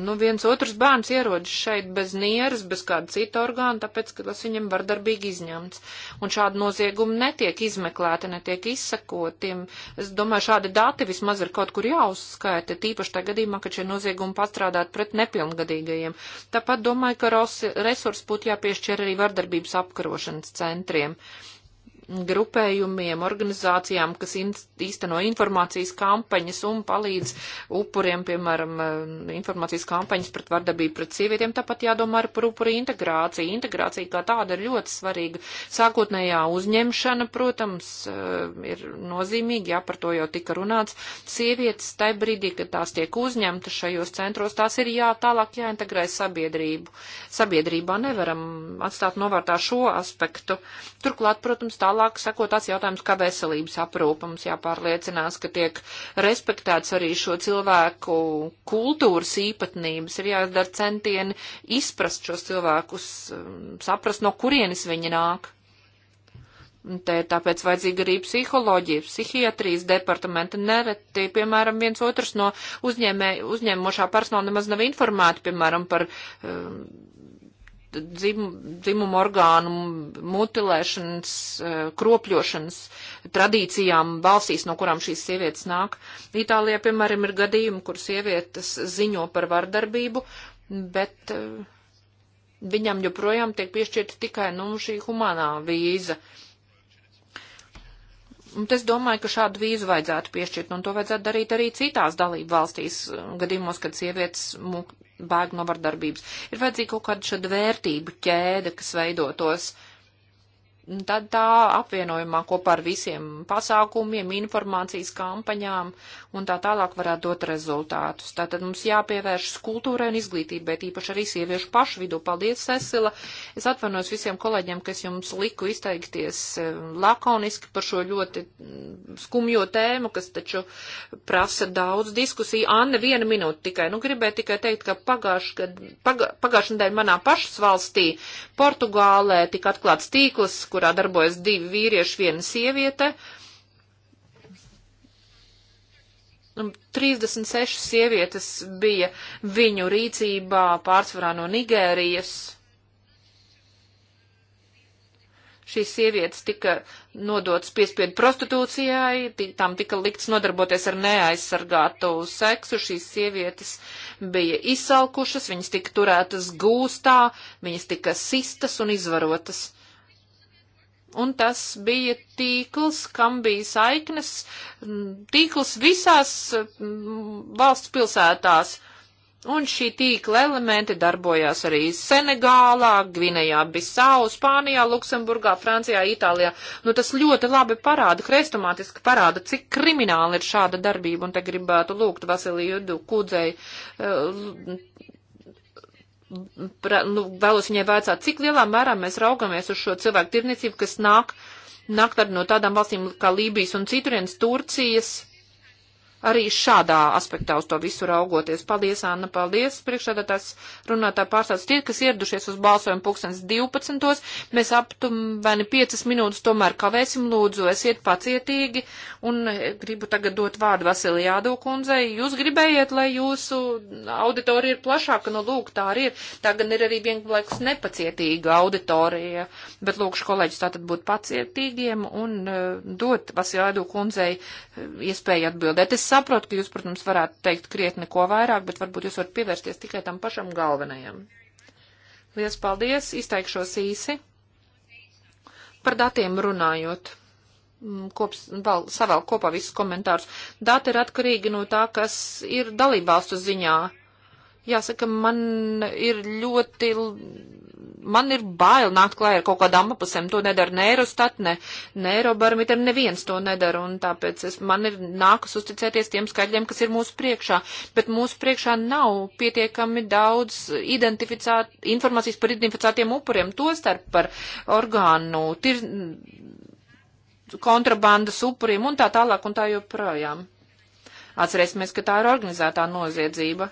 Nu, viens otrs bērns ierodas šeit bez nieras, bez kāda cita orgāna, tāpēc, ka tas viņam vardarbīgi izņemts. Un šādi noziegumi netiek izmeklēti, netiek izsakotiem. Es domāju, šādi dati vismaz ir kaut kur jāuzskaita, tīpaši tajā gadījumā, ka šie noziegumi pastrādāt pret nepilngadīgajiem. Tāpat domāju, ka resursi būtu jāpiešķir arī vardarbības apkarošanas centriem grupējumiem, organizācijām, kas īsteno informācijas kampaņas un palīdz upuriem, piemēram, eh, informācijas kampaņas pret vardarbību pret sievietiem. Tāpat jādomā arī par upuri integrāciju. Integrācija kā tāda ir ļoti svarīga. Sākotnējā uzņemšana, protams, eh, ir nozīmīga, jā, par to jau tika runāts. Sievietes tajā brīdī, kad tās tiek uzņemtas šajos centros, tās ir jā, tālāk jāintegrē sabiedrību. Sabiedrībā nevaram atstāt novārtā šo aspektu. Turklāt, protams, tālāk tālāk sakot, tāds jautājums kā veselības aprūpa. Mums jāpārliecinās, ka tiek respektēts arī šo cilvēku kultūras īpatnības. Ir jādara centieni izprast šos cilvēkus, um, saprast, no kurienes viņi nāk. Te tāpēc vajadzīga arī psiholoģija, psihiatrijas departamenta. Nereti, piemēram, viens otrs no uzņēmē, uzņēmošā persona nemaz nav informēti, piemēram, par um, dzim, dzimumu orgānu mutilēšanas, eh, kropļošanas tradīcijām valstīs, no kurām šīs sievietes nāk. Itālijā, piemēram, ir gadījumi, kur sievietes ziņo par vardarbību, bet eh, viņam joprojām tiek piešķirta tikai, nu, šī humanā vīza. Uh, Un es domāju, ka šādu vīzu vajadzētu piešķirt, un to vajadzētu darīt arī citās dalību valstīs, um, gadījumos, kad sievietes bēg no vardarbības. Ir vajadzīga kaut kāda šāda vērtību ķēde, kas veidotos. Un tad tā apvienojumā kopā ar visiem pasākumiem, informācijas kampaņām, un tā tālāk varētu dot rezultātus. Tātad mums jāpievēršas kultūrai un izglītībai, tīpaši arī sieviešu pašu vidū. Paldies, Sesila! Es atvainojos visiem kolēģiem, kas jums liku izteikties eh, lakoniski par šo ļoti mm, skumjo tēmu, kas taču prasa daudz diskusiju. Anne, viena minūte tikai. Nu, gribēju tikai teikt, ka pagājušajā pagā, pagājuši nedēļā manā pašas valstī, Portugālē, tika atklāts tīkls, kurā darbojas divi vīrieši, viena sieviete. Uh, 36 sievietes bija viņu rīcībā, pārsvarā no Nigērijas. Šīs sievietes tika nodotas piespiedu prostitūcijai, tām tika likts nodarboties ar neaizsargātu seksu. Šīs sievietes bija izsalkušas, viņas tika turētas gūstā, viņas tika sistas un izvarotas Un tas bija tīkls, kam bija saiknes, tīkls visās valsts pilsētās. Un šī tīkla elementi darbojās arī Senegālā, Gvinējā, Bisau, Spānijā, Luksemburgā, Francijā, Itālijā. Nu, tas ļoti labi parāda, krestomātiski parāda, cik krimināli ir šāda darbība. Un te gribētu lūgt Vasiliju Kudzei uh, eh, pra, nu, vēlos viņai vajadzāt, cik lielā mērā mēs raugamies uz šo cilvēku tirniecību, kas nāk, nāk tad no tādām valstīm kā Lībijas un citurienes, Turcijas, arī šādā aspektā uz to visu raugoties. Paldies, Anna, paldies. Priekšādātās runātā pārstāsts tie, kas ieradušies uz balsojumu pulkstens 12. Mēs aptuveni 5 minūtes tomēr kavēsim, lūdzu, esiet pacietīgi. Un gribu tagad dot vārdu Vasilijādu kundzei. Jūs gribējiet, lai jūsu auditorija ir plašāka, nu lūk, tā arī ir. Tā gan ir arī vienlaikus nepacietīga auditorija, bet lūkšu kolēģis tātad būt pacietīgiem un uh, dot Vasilijādu kundzei eh, iespēju atbildēt. Es saprotu, ka jūs, protams, varētu teikt krietni ko vairāk, bet varbūt jūs varat pievērsties tikai tam pašam galvenajam. Lielas paldies, izteikšos īsi. Par datiem runājot. Mm, kops, vēl savēl kopā visus komentārus. Dati ir atkarīgi no tā, kas ir dalībvalstu ziņā. Jāsaka, man ir ļoti man ir bail nākt klāj ar kaut kādām apusēm. To nedara neirostat, ne neirobarometri, neviens to nedara. Un tāpēc es, man ir nākas uzticēties tiem skaidriem, kas ir mūsu priekšā. Bet mūsu priekšā nav pietiekami daudz informācijas par identificētiem upuriem, to starp par orgānu, tir, kontrabandas upuriem un tā tālāk un tā joprojām. Atcerēsimies, ka tā ir organizētā noziedzība.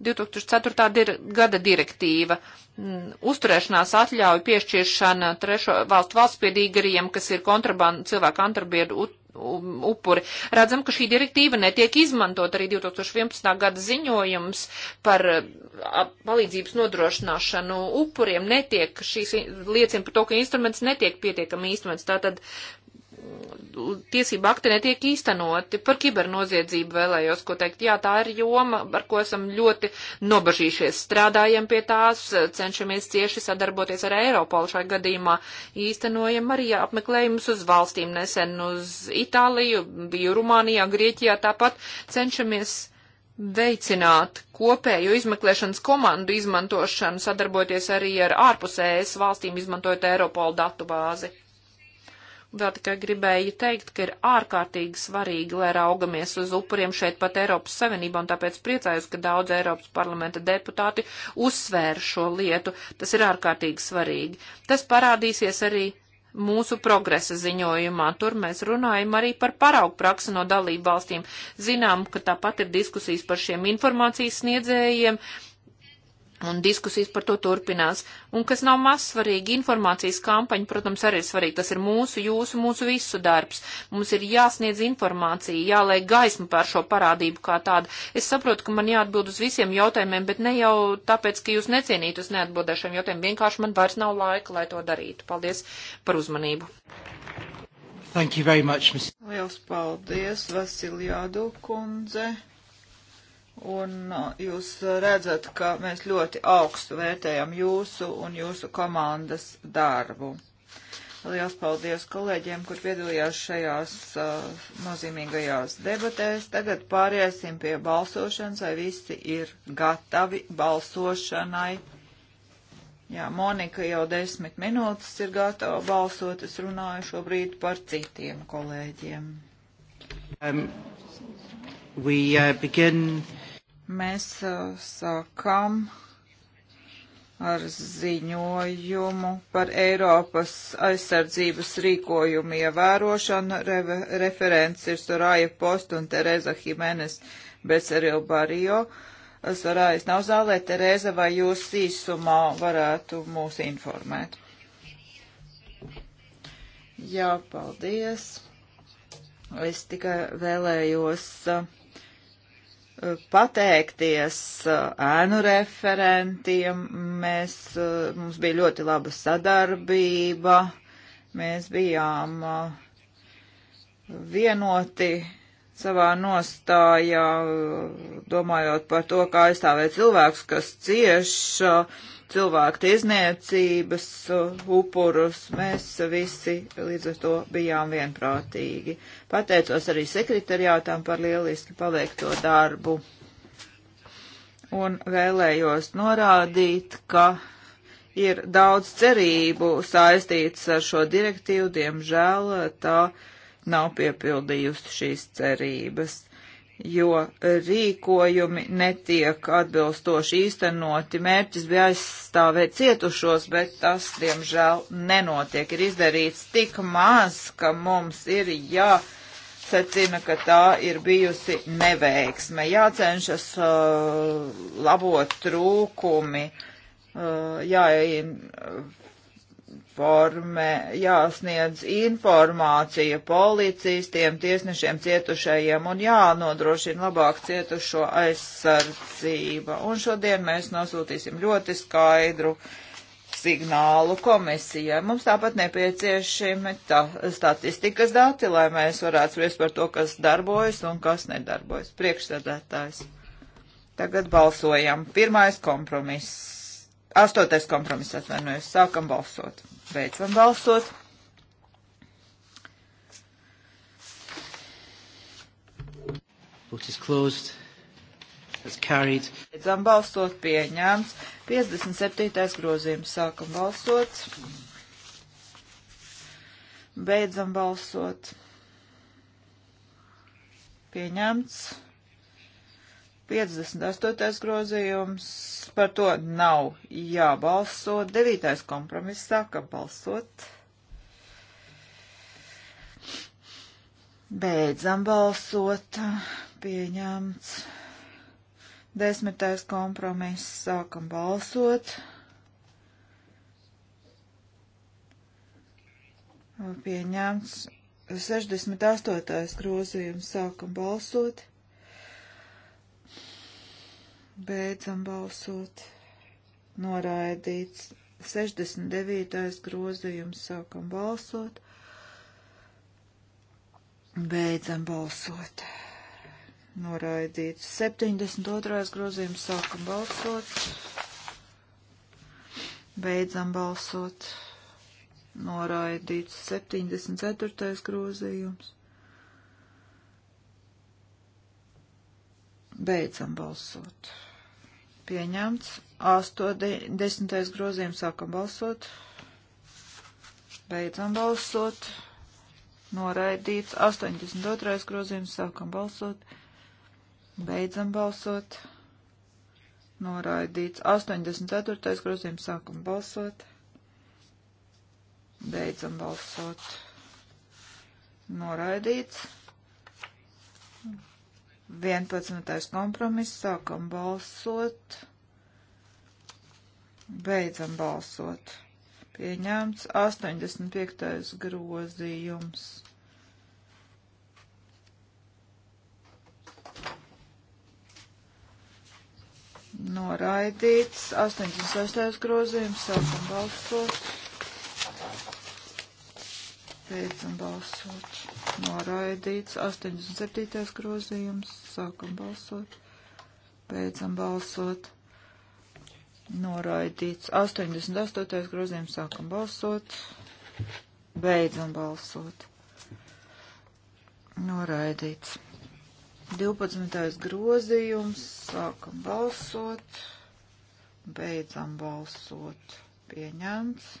2004. gada direktīva, mm, uzturēšanās atļauju piešķiršana trešo valstu valstspiedīgariem, kas ir kontrabanda, cilvēku kontrabandu upuri. Redzam, ka šī direktīva netiek izmantot arī 2011. gada ziņojums par palīdzības nodrošināšanu upuriem. Netiek, šīs liecina par to, ka instruments netiek pietiekami instruments. Tātad tiesība akti netiek īstenoti. Par kibernoziedzību vēlējos, ko teikt. Jā, tā ir joma, ar ko esam ļoti nobažījušies. Strādājam pie tās, cenšamies cieši sadarboties ar Eiropolu šai gadījumā. Īstenojam arī apmeklējumus uz valstīm nesen uz Itāliju, biju Rumānijā, Grieķijā tāpat. Cenšamies veicināt kopēju izmeklēšanas komandu izmantošanu, sadarboties arī ar ārpusējas e valstīm, izmantojot Eiropola datu bāzi. Vēl tikai gribēju teikt, ka ir ārkārtīgi svarīgi, lai raugamies uz upuriem šeit pat Eiropas Savienībā, un tāpēc priecājos, ka daudz Eiropas parlamenta deputāti uzsvēra šo lietu. Tas ir ārkārtīgi svarīgi. Tas parādīsies arī mūsu progresa ziņojumā. Tur mēs runājam arī par paraugu praksi no dalību valstīm. Zinām, ka tāpat ir diskusijas par šiem informācijas sniedzējiem Un diskusijas par to turpinās. Un kas nav maz svarīgi, informācijas kampaņa, protams, arī ir svarīga. Tas ir mūsu, jūsu, mūsu visu darbs. Mums ir jāsniedz informācija, jāliek gaismu pār šo parādību kā tādu. Es saprotu, ka man jāatbild uz visiem jautājumiem, bet ne jau tāpēc, ka jūs necienītu, es neatbildēšu šiem jautājumiem. Vienkārši man vairs nav laika, lai to darītu. Paldies par uzmanību. Thank you very much, Ms. Liels paldies, Vasiljādu kundze. Un uh, jūs uh, redzat, ka mēs ļoti augstu vērtējam jūsu un jūsu komandas darbu. Liels paldies kolēģiem, kur piedalījās šajās uh, nozīmīgajās debatēs. Tagad pāriesim pie balsošanas, vai visi ir gatavi balsošanai. Jā, Monika jau desmit minūtes ir gatava balsot. Es runāju šobrīd par citiem kolēģiem. Um, we, uh, begin... Mēs uh, sākam ar ziņojumu par Eiropas aizsardzības rīkojumu ievērošanu. Re referents ir Sorāja Post un Tereza Jimenez Beceril Barrio. Sorājas nav zālē. Tereza, vai jūs īsumā varētu mūs informēt? Jā, paldies. Es tikai vēlējos. Uh, pateikties uh, ēnu referentiem. Mēs, uh, mums bija ļoti laba sadarbība. Mēs bijām uh, vienoti savā nostājā, domājot par to, kā aizstāvēt cilvēkus, kas cieši cilvēku tiesniecības upurus. Mēs visi līdz ar to bijām vienprātīgi. Pateicos arī sekretariātām par lieliski paveikto darbu. Un vēlējos norādīt, ka ir daudz cerību saistīts ar šo direktīvu, diemžēl tā nav piepildījusi šīs cerības jo rīkojumi netiek atbilstoši īstenoti. Mērķis bija aizstāvēt cietušos, bet tas, diemžēl, nenotiek. Ir izdarīts tik maz, ka mums ir jāsacina, ka tā ir bijusi neveiksme. Jācenšas uh, labot trūkumi, uh, jā, jāinformē, jāsniedz informācija policistiem, tiesnešiem, cietušajiem un jānodrošina labāk cietušo aizsardzība. Un šodien mēs nosūtīsim ļoti skaidru signālu komisijai. Mums tāpat nepieciešami tā statistikas dati, lai mēs varētu spriest par to, kas darbojas un kas nedarbojas. Priekšsēdētājs. Tagad balsojam. Pirmais kompromiss. Astotais kompromiss atvainojas. Sākam balsot. Beidzam balsot. Vote is closed. That's carried. Beidzam balsot pieņemts. 57. grozījums sākam balsot. Beidzam balsot. Pieņemts. 58. grozījums par to nav jābalso. 9. kompromiss sākam balsot. Beidzam balsot. Pieņemts. 10. kompromiss sākam balsot. Pieņemts. 68. grozījums sākam balsot. Beidzam balsot. Noraidīts 69. grozījums. Sākam balsot. Beidzam balsot. Noraidīts 72. grozījums. Sākam balsot. Beidzam balsot. Noraidīts 74. grozījums. Beidzam balsot. Pieņemts. 80. grozījums sākam balsot. Beidzam balsot. Noraidīts. 82. grozījums sākam balsot. Beidzam balsot. Noraidīts. 84. grozījums sākam balsot. Beidzam balsot. Noraidīts. 11. kompromiss. Sākam balsot. Beidzam balsot. Pieņemts 85. grozījums. Noraidīts 86. grozījums. Sākam balsot. Beidzam balsot. Noraidīts. 87. grozījums. Sākam balsot. Beidzam balsot. Noraidīts. 88. grozījums. Sākam balsot. Beidzam balsot. Noraidīts. 12. grozījums. Sākam balsot. Beidzam balsot. Pieņemts.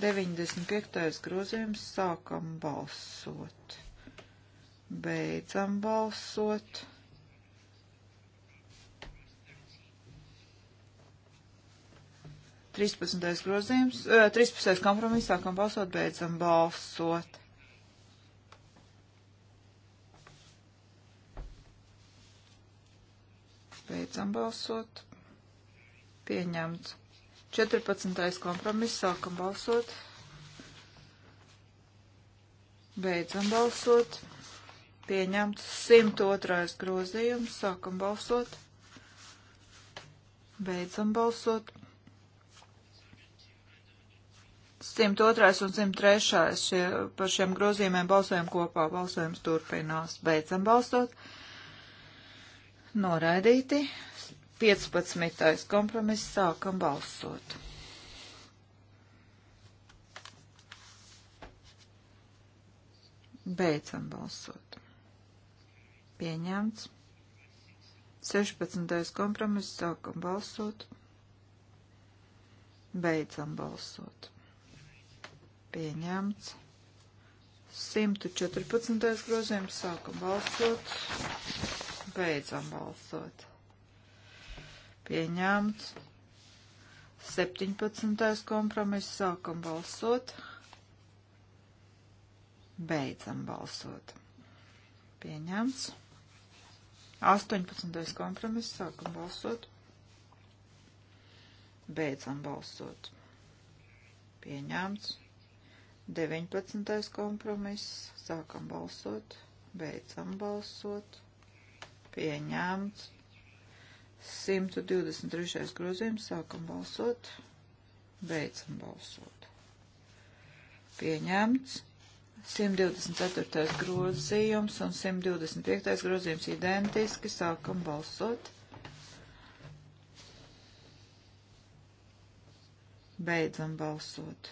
95. grozījums sākam balsot. Beidzam balsot. Trīspadsmitais grozījums, trīspadsmitais kompromiss, sākam balsot, beidzam balsot. Beidzam balsot. Pieņemts. 14. kompromiss. Sākam balsot. Beidzam balsot. Pieņemts 102. grozījums. Sākam balsot. Beidzam balsot. 102. un 103. Šie, par šiem grozījumiem balsojam kopā. Balsojums turpinās. Beidzam balsot. Noraidīti. 15. kompromiss sākam balsot. Beidzam balsot. Pieņemts. 16. kompromiss sākam balsot. Beidzam balsot. Pieņemts. 114. grozījums sākam balsot. Beidzam balsot pieņemts. 17. kompromiss sākam balsot, beidzam balsot, pieņemts. 18. kompromiss sākam balsot, beidzam balsot, pieņemts. 19. kompromiss. Sākam balsot, beidzam balsot, pieņemts. 123. grozījums sākam balsot, beidzam balsot. Pieņemts. 124. grozījums un 125. grozījums identiski sākam balsot. Beidzam balsot.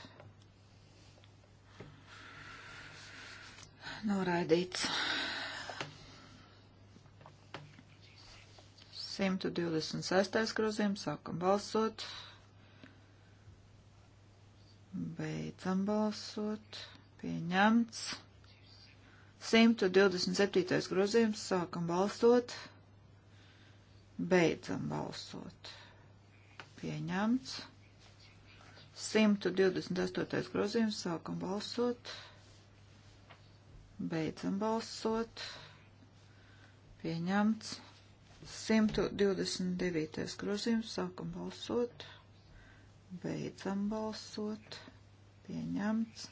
Noraidīts. 126. grozījums. Sākam balsot. Beidzam balsot. Pieņemts. 127. grozījums. Sākam balsot. Beidzam balsot. Pieņemts. 128. grozījums. Sākam balsot. Beidzam balsot. Pieņemts. 129. grozījums. Sākam balsot. Beidzam balsot. Pieņemts.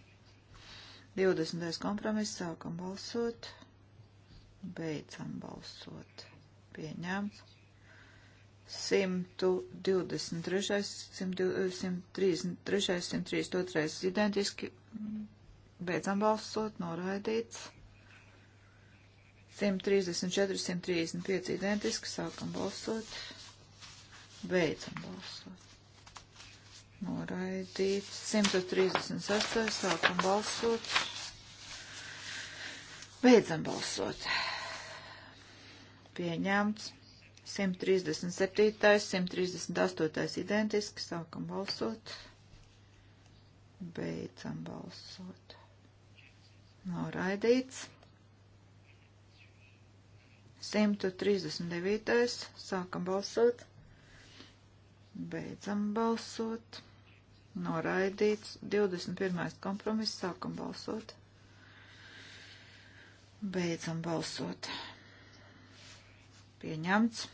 20. kompromiss. Sākam balsot. Beidzam balsot. Pieņemts. 123, 133, 132 identiski. Beidzam balsot. Noraidīts. 134, 135 identiski, sākam balsot, beidzam balsot. Noraidīts. 136. Sākam balsot. Beidzam balsot. Pieņemts. 137. 138. identiski. Sākam balsot. Beidzam balsot. Noraidīts. 139. Sākam balsot. Beidzam balsot. Noraidīts. 21. kompromiss. Sākam balsot. Beidzam balsot. Pieņemts.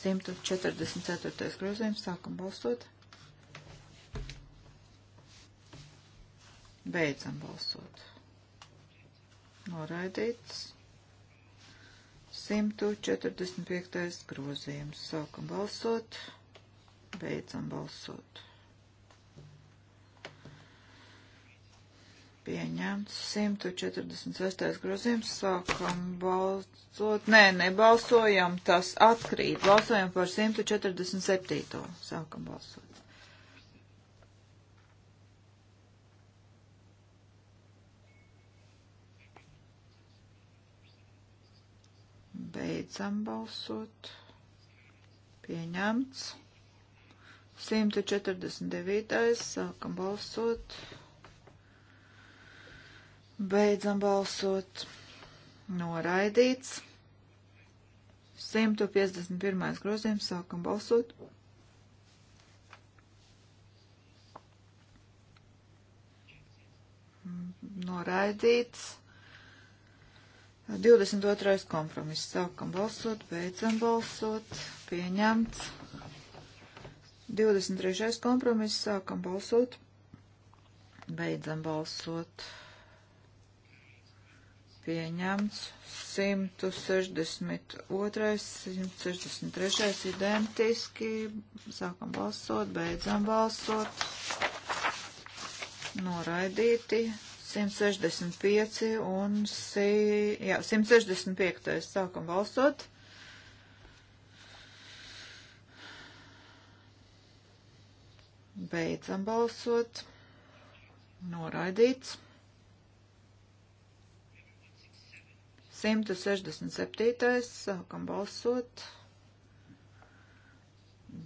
144. grozījums. Sākam balsot. Beidzam balsot. Noraidīts. 145. grozījums. Sākam balsot, beidzam balsot. Pieņemts 146. grozījums. Sākam balsot. Nē, nebalsojam, tas atkrīt. Balsojam par 147. Sākam balsot. Beidzam balsot. Pieņemts. 149. Sākam balsot. Beidzam balsot. Noraidīts. 151. grozījums. Sākam balsot. Noraidīts. 22. kompromiss. Sākam balsot, beidzam balsot, pieņemts. 23. kompromiss. Sākam balsot, beidzam balsot, pieņemts. 162. 163. identiski. Sākam balsot, beidzam balsot, noraidīti. 165 un si, jā, 165. Sākam balsot. Beidzam balsot. Noraidīts. 167. Sākam balsot.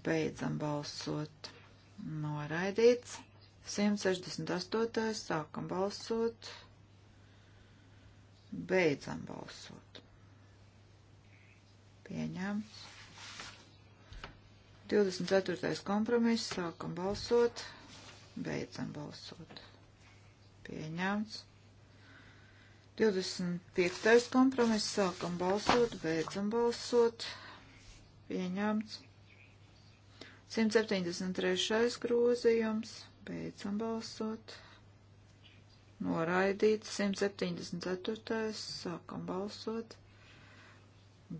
Beidzam balsot. Noraidīts. 168. sākam balsot. Beidzam balsot. Pieņemts. 24. kompromiss. Sākam balsot. Beidzam balsot. Pieņemts. 25. kompromiss. Sākam balsot. Beidzam balsot. Pieņemts. 173. grozījums. Beidzam balsot. Noraidīts 174. Sākam balsot.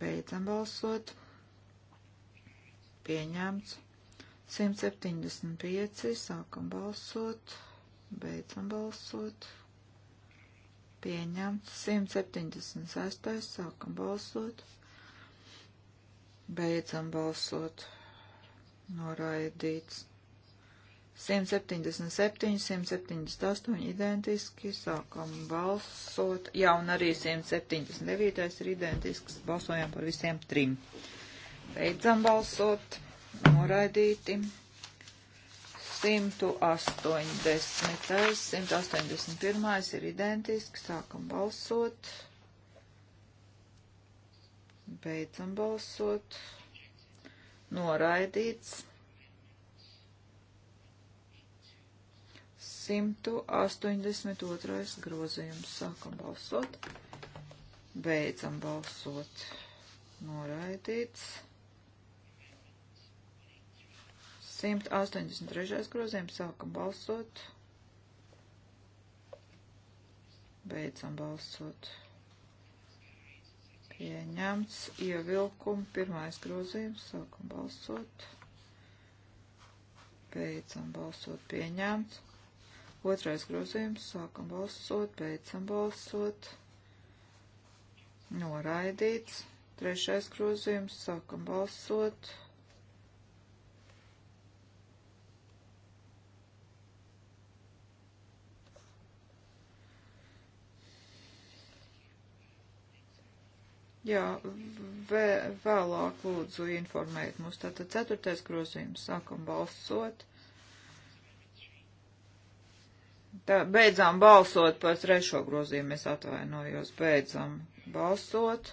Beidzam balsot. Pieņemts. 175. Sākam balsot. Beidzam balsot. Pieņemts. 176. Sākam balsot. Beidzam balsot. Noraidīts. 177, 178 identiski, sākam balsot, jā, un arī 179 ir identisks, balsojam par visiem trim. Beidzam balsot, noraidīti. 180, 181 ir identiski, sākam balsot. Beidzam balsot. Noraidīts. 182. grozījums. Sākam balsot. Beidzam balsot. Noraidīts. 183. grozījums. Sākam balsot. Beidzam balsot. Pieņemts. Ievilkumi. Pirmais grozījums. Sākam balsot. Beidzam balsot. Pieņemts. Otrais grozījums. Sākam balsot, beidzam balsot. Noraidīts. Trešais grozījums. Sākam balsot. Jā, vē, vēlāk lūdzu informēt mūs. Tātad ceturtais grozījums. Sākam balsot. Tā, beidzām balsot par trešo grozījumu, es atvainojos, beidzām balsot.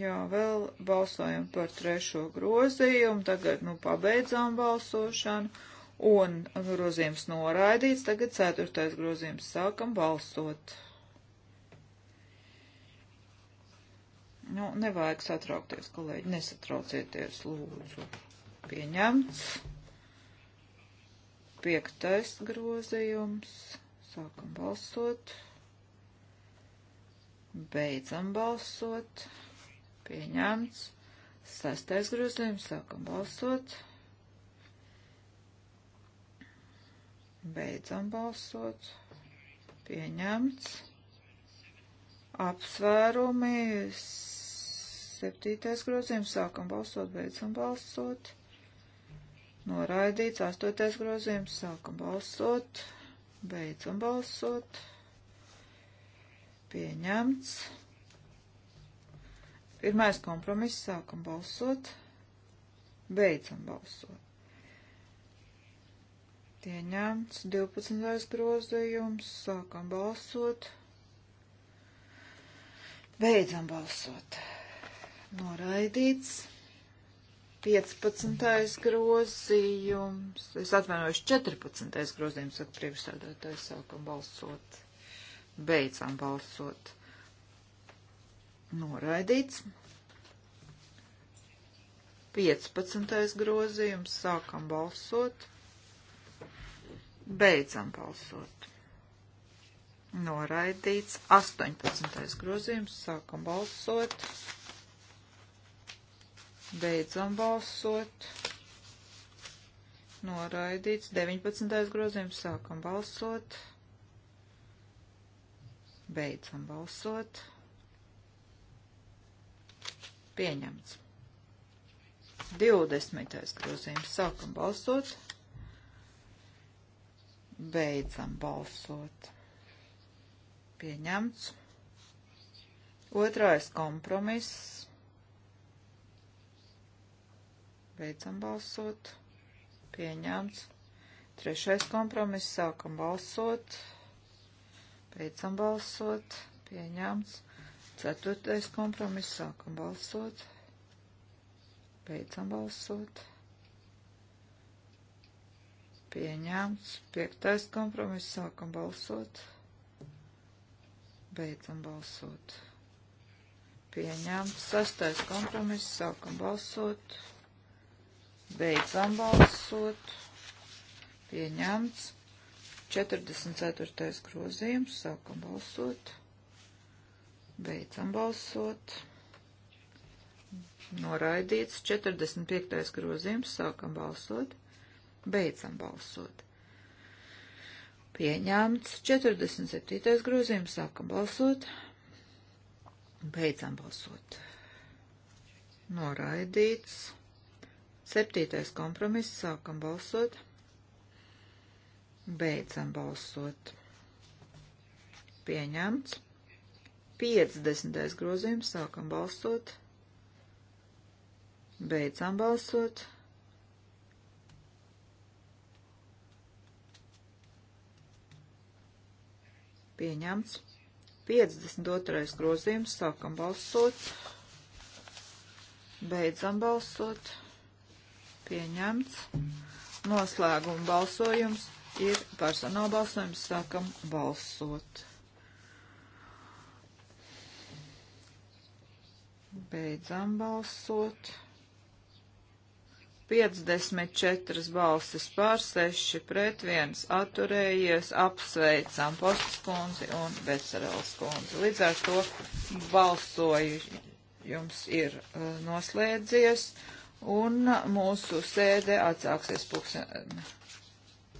Jā, vēl balsojam par trešo grozījumu, tagad, nu, pabeidzām balsošanu, un grozījums noraidīts, tagad ceturtais grozījums sākam balsot. Nu, nevajag satraukties, kolēģi, nesatraucieties, lūdzu pieņemts. Piektais grozījums. Sākam balsot. Beidzam balsot. Pieņemts. Sestais grozījums. Sākam balsot. Beidzam balsot. Pieņemts. Apsvērumi. Septītais grozījums. Sākam balsot. Beidzam balsot Noraidīts astotais grozījums. Sākam balsot. Beidzam balsot. Pieņemts. Pirmais kompromiss. Sākam balsot. Beidzam balsot. Pieņemts 12. grozījums. Sākam balsot. Beidzam balsot. Noraidīts. 15. grozījums, es atvainojos 14. grozījums, saka priekšsēdētājs, sākam balsot, beidzam balsot. Noraidīts. 15. grozījums, sākam balsot, beidzam balsot. Noraidīts. 18. grozījums, sākam balsot, Beidzam balsot. Noraidīts. 19. grozījums. Sākam balsot. Beidzam balsot. Pieņemts. 20. grozījums. Sākam balsot. Beidzam balsot. Pieņemts. Otrais kompromiss. Beidzam balsot. Pieņemts. Trešais kompromiss. Sākam balsot. Beidzam balsot. Pieņemts. Ceturtais kompromiss. Sākam balsot. Beidzam balsot. Pieņemts. Piektais kompromiss. Sākam balsot. Beidzam balsot. Pieņemts. Sastais kompromiss. Sākam balsot. Pieņemts Beidzam balsot. Pieņemts. 44. grozījums. Sākam balsot. Beidzam balsot. Noraidīts. 45. grozījums. Sākam balsot. Beidzam balsot. Pieņemts. 47. grozījums. Sākam balsot. Beidzam balsot. Noraidīts. Septītais kompromiss. Sākam balsot. Beidzam balsot. Pieņemts. 50. grozījums. Sākam balsot. Beidzam balsot. Pieņemts. 52. grozījums. Sākam balsot. Beidzam balsot pieņemts. Noslēguma balsojums ir personāla balsojums. Sākam balsot. Beidzam balsot. 54 balsis pār 6 pret 1 atturējies, apsveicām Postas kundzi un Becerels kundzi. Līdz ar to balsoju jums ir uh, noslēdzies un mūsu sēde atsāksies pulksten